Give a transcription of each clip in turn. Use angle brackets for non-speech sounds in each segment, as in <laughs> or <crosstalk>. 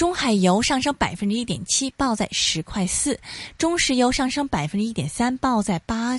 中海油上升百分之一點七，報在十塊四；中石油上升百分之一點三，報在八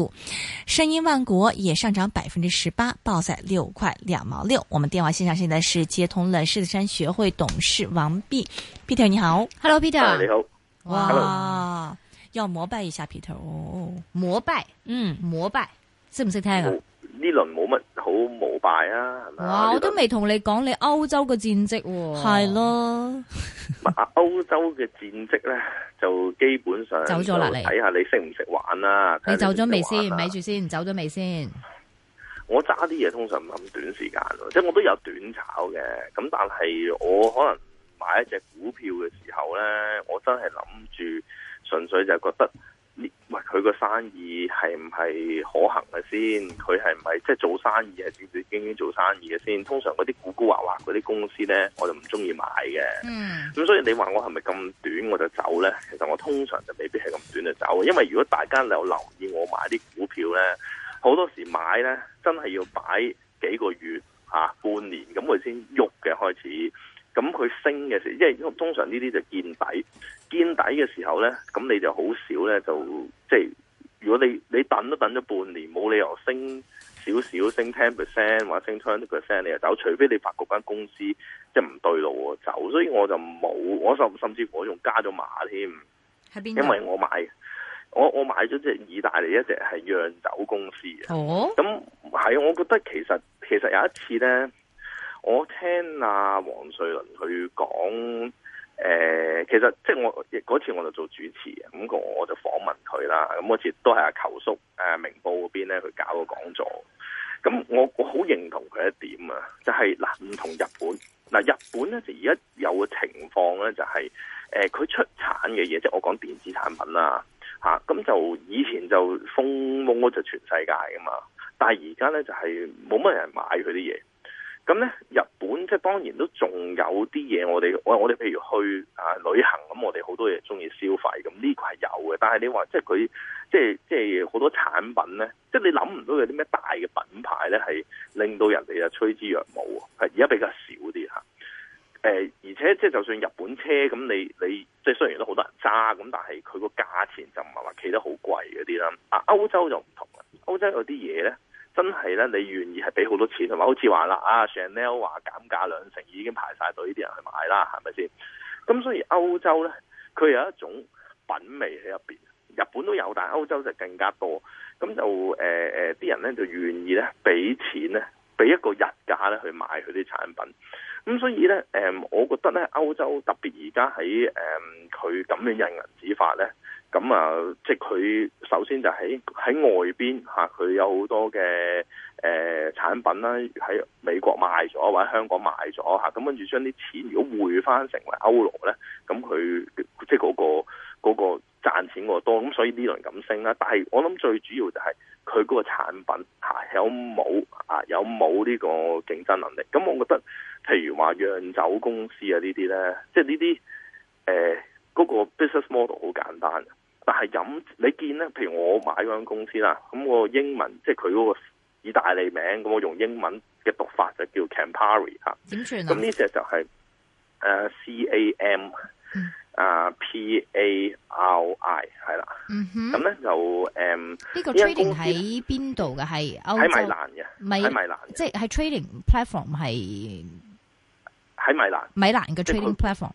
聲音萬國也上漲百分之十八，報在六塊兩毛六。我們電話線上現在是接通了獅子山學會董事王弼 Peter，你好，Hello Peter，你好，哇，Hello. 要膜拜一下 Peter 哦，膜拜，嗯，膜拜，識唔識聽啊？呢輪冇乜。Oh, 好膜拜啊！哇，我都未同你講你歐洲嘅戰績喎，啊，係咯是啦。阿 <laughs> 歐洲嘅戰績咧，就基本上走咗啦。你睇下你識唔識玩啦，啊？你走咗未先？咪住先，走咗未先？我揸啲嘢通常唔係咁短時間，即係我都有短炒嘅。咁但係我可能買一隻股票嘅時候咧，我真係諗住純粹就覺得。係唔係可行嘅先？佢係唔係即係做生意啊？正正經經做生意嘅先？通常嗰啲古古惑惑嗰啲公司呢，我就唔中意買嘅。嗯。咁所以你話我係咪咁短我就走呢？其實我通常就未必係咁短就走，因為如果大家有留意我買啲股票呢，好多時買呢，真係要擺幾個月，啊，半年咁佢先喐嘅，開始，咁佢升嘅時，因為通常呢啲就見底，見底嘅時候呢，咁你就好少呢，就即係。就是如果你你等都等咗半年，冇理由升少少升 ten percent 或者升 twenty percent 你就走，除非你發覺間公司即係唔對路走，所以我就冇，我甚甚至我仲加咗碼添，因為我買，我我買咗隻意大利一隻係釀酒公司嘅，哦，咁係，oh?，我覺得其實其實有一次咧，我聽阿、啊、黃瑞倫佢講。誒、呃，其實即係我，亦嗰次我就做主持，咁我我就訪問佢啦。咁嗰次都係阿球叔，誒、啊，明報嗰邊咧佢搞個講座。咁我我好認同佢一點啊，就係、是、嗱，唔同日本。嗱，日本咧就而家有個情況咧、就是，就係誒，佢出產嘅嘢，即係我講電子產品啦，吓、啊，咁就以前就蜂擁咗就全世界噶嘛，但係而家咧就係冇乜人買佢啲嘢。咁咧，日本即係當然都仲有啲嘢我哋我我哋譬如去啊旅行咁，我哋好多嘢中意消費咁呢個係有嘅。但係你話即係佢即係即係好多產品咧，即係你諗唔到有啲咩大嘅品牌咧，係令到人哋啊趨之若鶩，係而家比較少啲吓。誒，啊，而且即係就算日本車咁，你你即係雖然都好多人揸咁，但係佢個價錢就唔係話企得好貴嗰啲啦。啊，歐洲就唔同啦，歐洲有啲嘢咧。真係咧，你願意係俾好多錢同埋，好似話啦，啊 Chanel 話減價兩成，已經排晒隊呢啲人去買啦，係咪先？咁所以歐洲咧，佢有一種品味喺入面，日本都有，但係歐洲就更加多。咁就誒啲、呃、人咧就願意咧俾錢咧，俾一個日價咧去買佢啲產品。咁所以咧、呃，我覺得咧，歐洲特別而家喺誒佢咁樣印銀紙法咧。咁啊，即佢首先就喺喺外邊吓，佢、啊、有好多嘅誒、呃、產品啦，喺美國賣咗或者香港賣咗吓，咁跟住將啲錢如果匯翻成為歐羅咧，咁佢即係嗰個嗰個賺錢嗰個多，咁所以呢輪咁升啦。但係我諗最主要就係佢嗰個產品吓、啊，有冇啊有冇呢個競爭能力？咁我覺得譬如話釀酒公司啊呢啲咧，即係呢啲誒嗰個 business model 好簡單。但係飲你見咧，譬如我買嗰間公司啦，咁我英文即係佢嗰個意大利名，咁我用英文嘅讀法就叫 Campari 啊。點算啊？咁呢隻就係誒 C A M 啊 P A R I 係啦。咁咧就誒呢個 trading 喺邊度嘅？係歐。喺米蘭嘅。米。米蘭，即米蘭。即係喺 trading platform 係喺米蘭。米蘭嘅 trading platform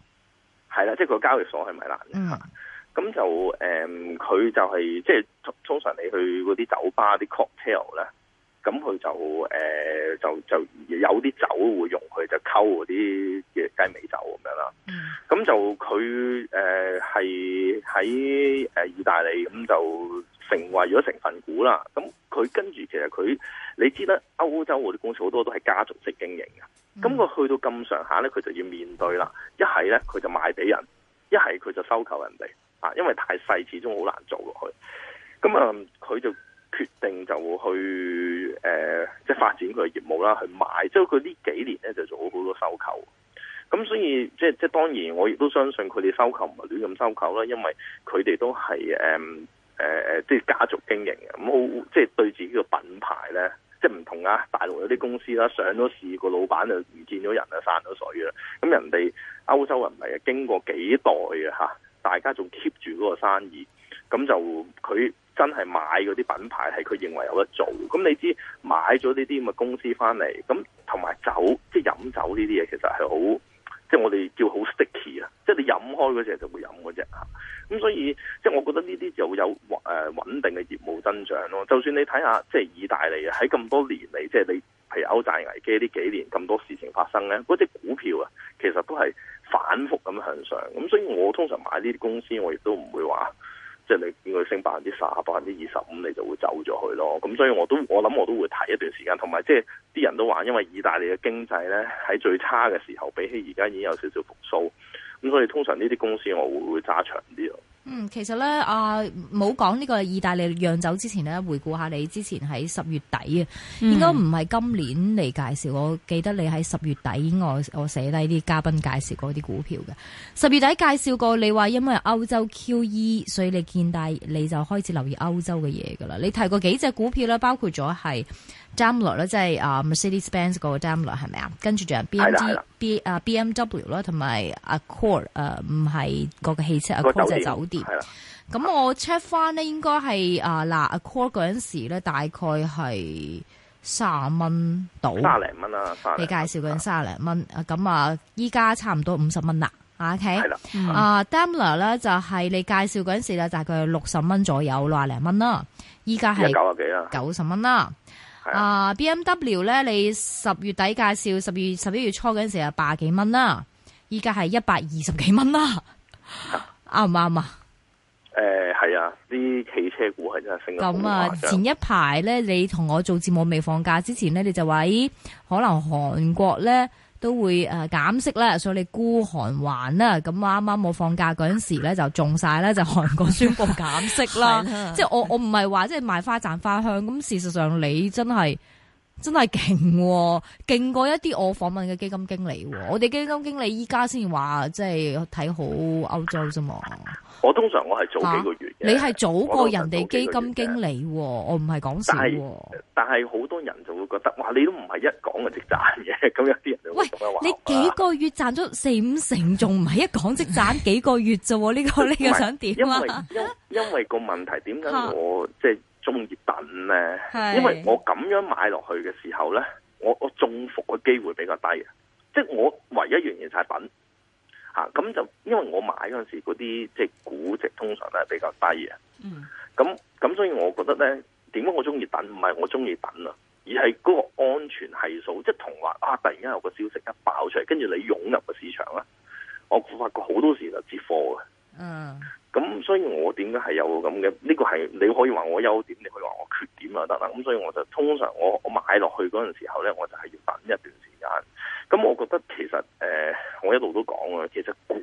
係啦，即係個交易所係米蘭。嗯。咁就誒，佢、嗯、就係、是、即係通常你去嗰啲酒吧啲 cocktail 咧，咁佢就誒，就就有啲酒會用佢就溝嗰啲嘅雞尾酒咁樣啦。咁就佢誒係喺誒意大利，咁就成為咗成分股啦。咁佢跟住其實佢你知得歐洲嗰啲公司好多都係家族式經營嘅。咁佢去到咁上下咧，佢就要面對啦。一係咧佢就賣俾人，一係佢就收購人哋。因為太細，始終好難做落去。咁啊，佢就決定就去誒、呃，即係發展佢嘅業務啦，去買。即係佢呢幾年咧，就做好好多收購。咁所以，即係即係當然，我亦都相信佢哋收購唔係亂咁收購啦，因為佢哋都係誒誒即係家族經營嘅。咁好，即係對自己嘅品牌咧，即係唔同啊！大陸有啲公司啦、啊，上咗市個老闆就唔見咗人啊，散咗水啦。咁人哋歐洲人唔係啊，經過幾代嘅、啊、吓。大家仲 keep 住嗰個生意，咁就佢真係買嗰啲品牌係佢認為有得做。咁你知買咗呢啲咁嘅公司翻嚟，咁同埋酒即係飲酒呢啲嘢，其實係好即係我哋叫好 sticky 啊！即係你飲開嗰隻就會飲嗰隻啊！咁所以即係我覺得呢啲就有誒穩定嘅業務增長咯。就算你睇下即係意大利喺咁多年嚟，即係你譬如歐債危機呢幾年咁多事情發生咧，嗰啲股票啊，其實都係。反覆咁向上，咁所以我通常買呢啲公司我也不，我亦都唔會話，即係你見佢升百分之十、百分之二十五，你就會走咗去咯。咁所以我都我諗我都會睇一段時間，同埋即係啲人都話，因為意大利嘅經濟呢，喺最差嘅時候，比起而家已經有少少復甦，咁所以通常呢啲公司我會會揸長啲咯。嗯，其實咧，啊，冇講呢個意大利釀酒之前咧，回顧下你之前喺十月底啊，嗯、應該唔係今年嚟介紹。我記得你喺十月底我，我我寫低啲嘉賓介紹過啲股票嘅。十月底介紹過，你話因為歐洲 QE，所以你見大你就開始留意歐洲嘅嘢噶啦。你提過幾隻股票啦，包括咗係 Daimler 即係啊 Mercedes Benz 個 Daimler 係咪啊？跟住仲有 BMB 啊 BMW 啦，同埋 Accord 唔係個汽車，個酒店。啊。係啦，咁我 check 翻，咧應該係啊，嗱，call 嗰陣時咧，大概係卅蚊到卅零蚊啦。你介紹嗰陣卅零蚊，咁啊，依家差唔多五十蚊啦。OK，係啦，啊 Daimler 咧就係你介紹嗰陣時咧，大概六十蚊左右，六廿零蚊啦。依家係九啊幾啦，九十蚊啦。啊 BMW 咧，你十月底介紹十月十一月初嗰陣時啊，八幾蚊啦，依家係一百二十幾蚊啦，啱唔啱啊？係啊，啲汽車股係真係升得好快啫。咁啊，前一排咧，你同我做節目未放假之前咧，你就話咦，可能韓國咧都會誒減息啦，所以你沽韓圜啦。咁啱啱我放假嗰陣時咧 <laughs> 就中晒啦，就韓國宣布減息啦。 <laughs> 是的即係我我唔係話即係賣花讚花香，咁事實上你真係。真係勁、哦，勁過一啲我訪問嘅基金經理、哦。嗯、我哋基金經理依家先話，即係睇好歐洲啫嘛。我通常我係早幾個月嘅、啊。你係早過人哋基金經理，我唔係講笑但。但係，但係好多人就會覺得，哇！你都唔係一講就即賺嘅，咁有啲人就：「喂，你幾個月賺咗四五成，仲唔係一講即賺幾個月啫？呢、 <laughs> 這個你又想點啊因？因為因因為個問題，點解我即？啊中意等咧，是因為我咁樣買落去嘅時候咧，我我中伏嘅機會比較低，即、就、係、是、我唯一樣嘢就係等，吓、啊、咁就因為我買嗰陣時嗰啲即係估值通常咧比較低啊，咁咁、嗯、所以我覺得咧，點解我中意等？唔係我中意等啊，而係嗰個安全係數，即係同話啊，突然間有個消息一爆出嚟，跟住你湧入個市場咧，我發覺好多時就接貨嘅。嗯，咁所以我點解係有咁嘅？呢個係你可以話我優點，你可以話我缺點啊得啦。咁所以我就通常我我買落去嗰陣時候咧，我就係要等一段時間。咁我覺得其實誒、呃，我一路都講啊，其實估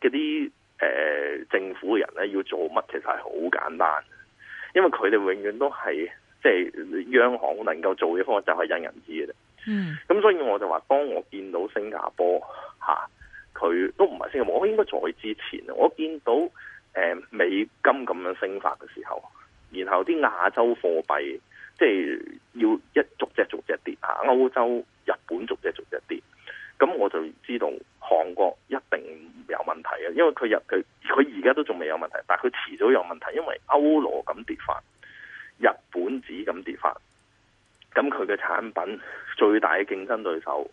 嗰啲誒政府嘅人咧要做乜，其實係好簡單，因為佢哋永遠都係即係央行能夠做嘅方法就係印銀紙嘅啫。嗯，咁所以我就話，當我見到新加坡吓。啊。佢都唔係升嘅，我應該在之前啊！我見到誒、呃、美金咁樣升法嘅時候，然後啲亞洲貨幣即係要一逐隻逐隻跌啊！歐洲、日本逐隻逐隻跌，咁我就知道韓國一定有問題啊！因為佢日佢佢而家都仲未有問題，但係佢遲早有問題，因為歐羅咁跌法，日本紙咁跌法，咁佢嘅產品最大嘅競爭對手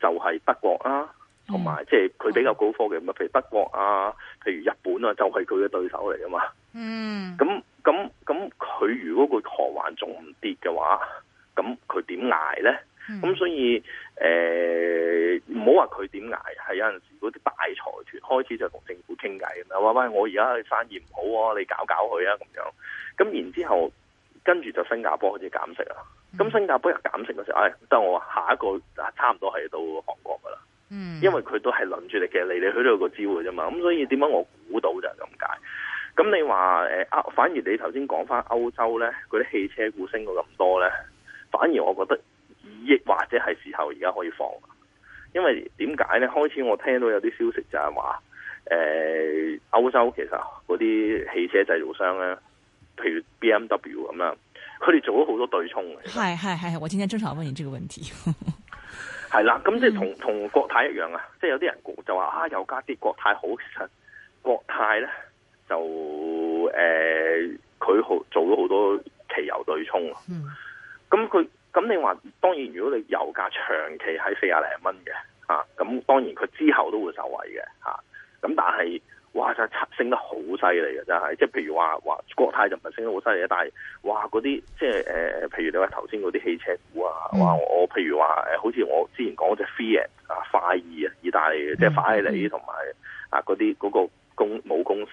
就係德國啦、啊。同埋，即係佢比較高科技，咁啊，譬如德國啊，譬如日本啊，就係佢嘅對手嚟啊嘛。嗯，咁咁咁，佢如果個韓環仲唔跌嘅話，咁佢點捱咧？咁、嗯、所以，誒唔好話佢點捱，係、嗯、有陣時嗰啲大財團開始就同政府傾偈咁話喂，我而家生意唔好啊，你搞搞佢啊咁樣。咁然之後，跟住就新加坡開始減息啦。咁新加坡又減息嗰時候，誒、哎、等我話下一個啊，差唔多係到韓國噶啦。嗯，因為佢都係諗住嚟嘅，嚟嚟去去都有個機會啫嘛。咁所以點解我估到就係咁解。咁你話誒，反而你頭先講翻歐洲咧，嗰啲汽車股升過咁多咧，反而我覺得亦或者係時候，而家可以放。因為點解咧？開始我聽到有啲消息就係話，誒，歐洲其實嗰啲汽車製造商咧，譬如 B M W 咁樣，佢哋做咗好多對沖嘅。係係係，我今天正常問你這個問題。 <laughs> 係啦，咁即係同同國泰一樣啊，即係有啲人就話啊，油價跌啲國泰好，其實國泰咧就誒，佢、呃、好做咗好多期油對沖啊。咁佢咁你話，當然如果你油價長期喺四廿零蚊嘅啊，咁當然佢之後都會受惠嘅吓。咁、啊、但係。哇！就升得好犀利嘅，真係，即係譬如話話國泰就唔係升得好犀利啊，但係哇，嗰啲即係誒，譬如你話頭先嗰啲汽車股啊，哇！Mm. 哇我譬如話誒，好似我之前講隻 Fiat 啊，快意啊，意大利即係、就是、法拉利同埋啊，嗰啲嗰個公母公司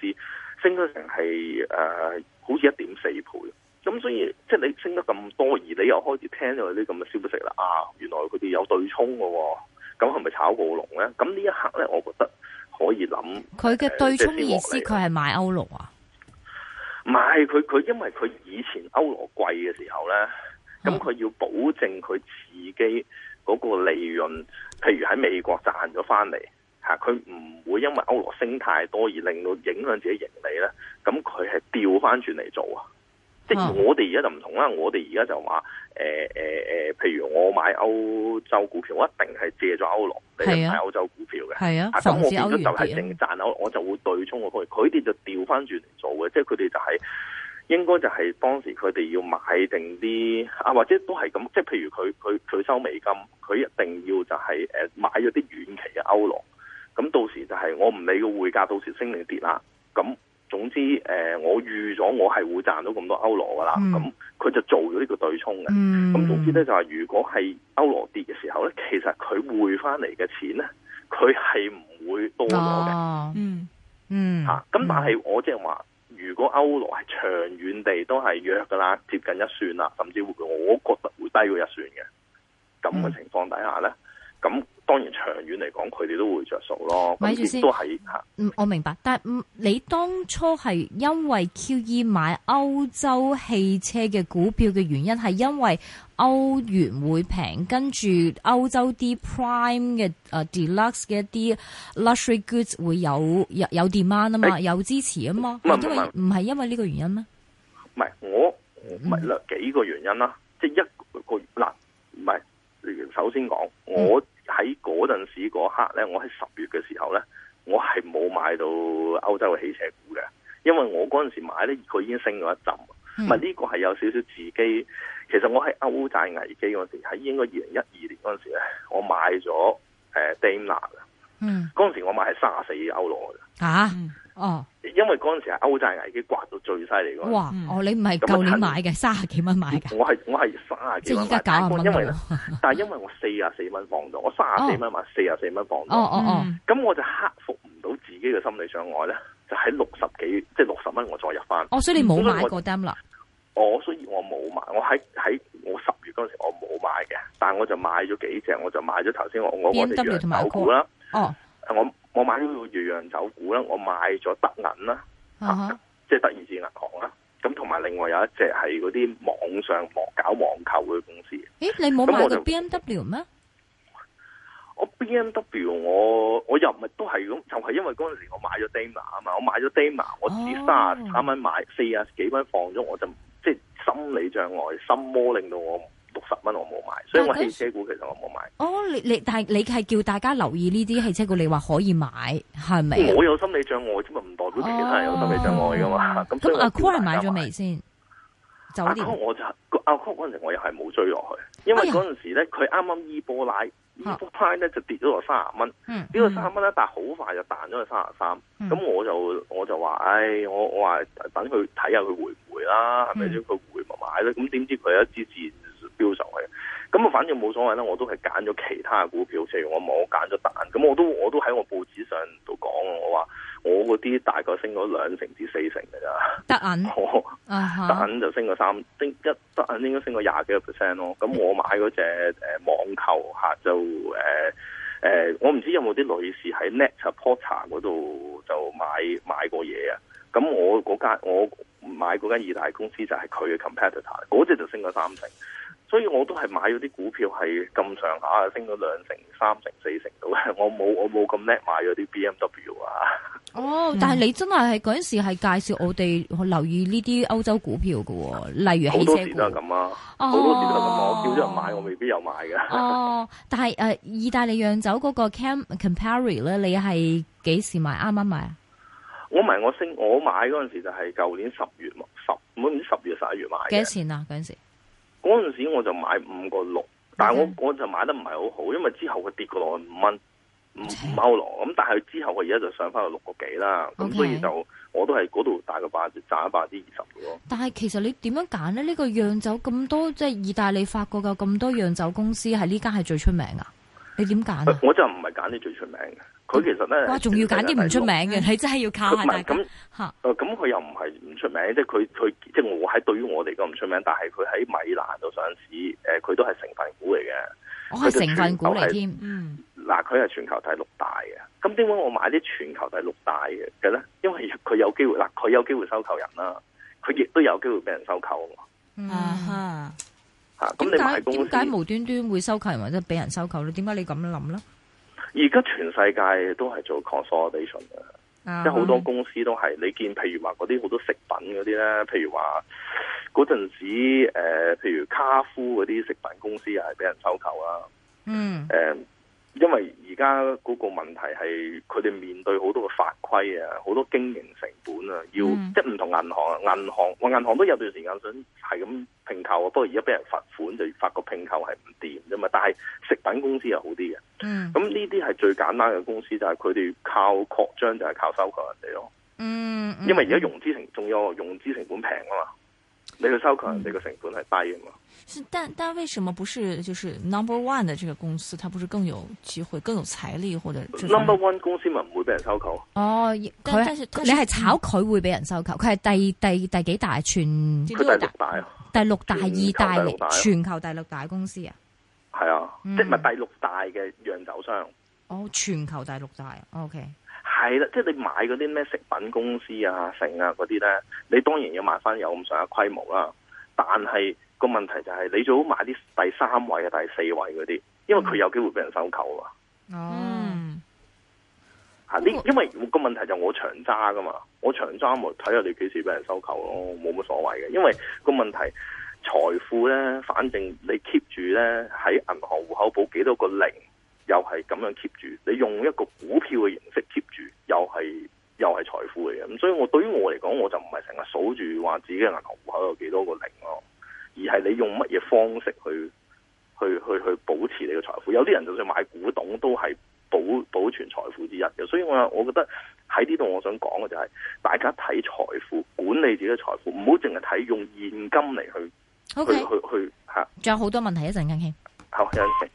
升咗成係誒，好似一點四倍。咁所以即係你升得咁多，而你又開始聽到啲咁嘅消息啦，啊，原來佢哋有對沖嘅，咁係咪炒暴龍咧？咁呢一刻咧，我覺得。可以諗佢嘅對沖意思、呃，佢係買歐羅啊？唔係，佢佢因為佢以前歐羅貴嘅時候咧，咁佢、嗯、要保證佢自己嗰個利潤，譬如喺美國賺咗翻嚟吓，佢唔會因為歐羅升太多而令到影響自己盈利咧，咁佢係調翻轉嚟做啊。即係我哋而家就唔同啦，啊、我哋而家就話誒誒誒，譬如我買歐洲股票，我一定係借咗歐羅嚟買歐洲股票嘅。係啊，咁、啊、我變咗就係淨賺歐羅，我我就會對沖過去。佢哋就調翻轉嚟做嘅，即係佢哋就係、是、應該就係當時佢哋要買定啲啊，或者都係咁。即係譬如佢佢佢收美金，佢一定要就係誒買咗啲遠期嘅歐羅。咁到時就係、是、我唔理個匯價到時升定跌啦。咁總之誒、呃，我預咗我係會賺到咁多歐羅噶啦，咁佢、嗯、就做咗呢個對沖嘅。咁、嗯、總之咧就係如果係歐羅跌嘅時候咧，其實佢匯翻嚟嘅錢咧，佢係唔會多咗嘅。嗯嗯吓，咁、啊、但係我即係話，嗯、如果歐羅係長遠地都係弱噶啦，接近一算啦，甚至乎我覺得會低過一算嘅。咁嘅情況底下咧，咁、嗯。嗯當然長遠嚟講，佢哋都會着數咯。咪住先都係是吓。嗯，我明白。但係，嗯，你當初係因為 QE 買歐洲汽車嘅股票嘅原因，係因為歐元會平，跟住歐洲啲 prime 嘅誒、uh,，deluxe 嘅一啲 luxury goods 會有有有 demand 啊嘛，欸、有支持啊嘛。沒因為唔係，因為呢個原因咩？唔係，我唔係啦，幾個原因個、嗯、啦，即係一個嗱，唔係首先講我。嗯喺嗰陣時嗰刻咧，我喺十月嘅時候咧，我係冇買到歐洲嘅汽車股嘅，因為我嗰陣時買咧，佢已經升咗一陣，唔係呢個係有少少自己。其實我喺歐債危機嗰時，喺應該二零一二年嗰陣時咧，我買咗誒 Daimler 啊，嗰、呃、陣、嗯、時我買係三十四歐羅嘅。嚇、啊！嗯哦，因為嗰陣時係歐債危機刮到最犀利哇，哦你唔係舊年買嘅，卅幾蚊買嘅。我係我係卅幾，即係依家九啊蚊。因為但係因為我四啊四蚊放咗，我卅四蚊買，四啊四蚊放咗。哦咁我就克服唔到自己嘅心理障礙咧，就喺六十幾，即係六十蚊我再入翻。我所以你冇買過單啦？我所以我冇買，我喺喺我十月嗰時我冇買嘅，但係我就買咗幾隻，我就買咗頭先我我講嘅藥股啦。我。我買咗個粵陽酒股啦，我買咗德銀啦，即係、uh huh. 啊就是、德意志銀行啦，咁同埋另外有一隻係嗰啲網上網搞網購嘅公司。誒，你冇買個 B M W 咩？我 B M W 我我又唔係都係咁，就係、是、因為嗰陣時我買咗 Dema 啊嘛，我買咗 Dema，我自卅三蚊買四啊幾蚊放咗，我就即係、就是、心理障礙、心魔令到我。十蚊我冇買，所以我汽車股其實我冇買。哦，你你但係你係叫大家留意呢啲汽車股，你話可以買係咪？我有心理障礙，啫嘛唔代表其他人有心理障礙噶嘛？咁阿 Co 係買咗未先？阿 Co 我就阿 Co 嗰陣我又係冇追落去，因為嗰陣時咧佢啱啱 E 波奶，E 幅派咧就跌咗落三十蚊，呢個三十蚊啦，但係好快就彈咗去三十三，咁我就我就話，唉，我我話等佢睇下佢回唔回啦，係咪佢回咪買咧？咁點知佢一支字？飆上去，咁啊，反正冇所謂啦，我都係揀咗其他嘅股票，譬如我冇揀咗德銀。咁我都我都喺我報紙上度講，我話我嗰啲大概升咗兩成至四成嘅咋。德銀，嚇，德銀就升咗三，升一德銀應該升咗廿幾個 percent 咯。咁我買嗰隻 <laughs> 網網購嚇就誒、呃呃、我唔知有冇啲女士喺 Net Porter 嗰度就買買過嘢啊。咁我嗰間我買嗰間二大公司就係佢嘅 competitor，嗰隻就升咗三成。所以我都係買咗啲股票係咁上下啊，升咗兩成、三成、四成到。我冇我冇咁叻買咗啲 BMW 啊。哦，但係你真係係嗰陣時係介紹我哋留意呢啲歐洲股票嘅喎，例如汽車股。好多時都係咁啊！好、哦、多時都係咁啊，我叫咗人買，我未必有買嘅。哦，但係誒、呃，意大利釀酒嗰個 Camp Campari 咧，你係幾時買？啱啱買啊！我唔係我升我買嗰陣時候就係舊年十月十唔知十月十一月買嘅。幾多錢啊？嗰陣時？嗰陣時我就買五個六，但係 Okay. 我我就買得唔係好好，因為之後佢跌過落去五蚊，唔，唔，歐羅，咁 Okay. 但係之後佢而家就上翻去六個幾啦，咁 Okay. 所以就我都係嗰度大概百賺咗百分之二十嘅咯。但係其實你點樣揀咧？呢、呢個釀酒咁多，即係意大利、法國嘅咁多釀酒公司，係呢間係最出名㗎！你點揀？我就唔係揀啲最出名嘅，佢其實咧仲要揀啲唔出名嘅，你真係要靠下吓。咁佢又唔係唔出名，即係佢佢即係我喺對於我嚟講唔出名，但係佢喺米蘭度上市，誒，佢都係成分股嚟嘅，我係成分股嚟添。他的是嗯，嗱，佢係全球第六大嘅，咁點解我買啲全球第六大嘅咧？因為佢有機會嗱，佢有機會收購人啦，佢亦都有機會俾人收購。嗯哼。嗯點解點解無端端會收購或者俾人收購咧？點解你咁樣諗咧？而家全世界都係做 consolidation 嘅，即係好多公司都係你見譬那些很那些，譬如話嗰啲好多食品嗰啲咧，譬如話嗰陣時誒，譬如卡夫嗰啲食品公司又係俾人收購啦，嗯、uh，誒、huh. 呃。因為而家嗰個問題係佢哋面對好多嘅法規啊，好多經營成本啊，要、嗯、即係唔同銀行啊，銀行我銀行都有段時間想係咁拼購啊，不過而家俾人罰款就發覺拼購係唔掂啫嘛。但係食品公司又好啲嘅，咁呢啲係最簡單嘅公司，就係佢哋靠擴張就係、是、靠收購人哋咯。嗯，因為而家融資成仲有融資成本平啊嘛。你去收購，你個成本係低嘅嘛？但但為什麼不是就是 number one 嘅這個公司，它不是更有機會、更有財力或者？number one 公司咪唔會俾人收購？哦，佢你係炒佢會俾人收購，佢係第第第幾大？全佢第六大啊！第六大，第二大，全球第六大公司啊？係啊，嗯、即係咪第六大嘅釀酒商？哦，全球第六大，OK。係啦，即係你買嗰啲咩食品公司啊、成啊嗰啲咧，你當然要買翻有咁上下規模啦。但係個問題就係，你最好買啲第三位啊、第四位嗰啲，因為佢有機會俾人收購啊。哦、嗯，吓，呢因為個問題就我長揸噶嘛，我長揸我睇下你幾時俾人收購咯，冇乜所謂嘅。因為個問題財富咧，反正你 keep 住咧喺銀行戶口簿幾多個零，又係咁樣 keep 住，你用一個股票嘅形式 keep。又係又係財富嚟嘅，咁所以我對於我嚟講，我就唔係成日數住話自己嘅銀行戶口有幾多個零咯，而係你用乜嘢方式去去去去保持你嘅財富。有啲人就算買古董都係保保存財富之一嘅，所以我我覺得喺呢度我想講嘅就係、是、大家睇財富管理自己嘅財富，唔好淨係睇用現金嚟去 Okay. 去去吓。仲有好多問題，一陣間傾。好，一陣間。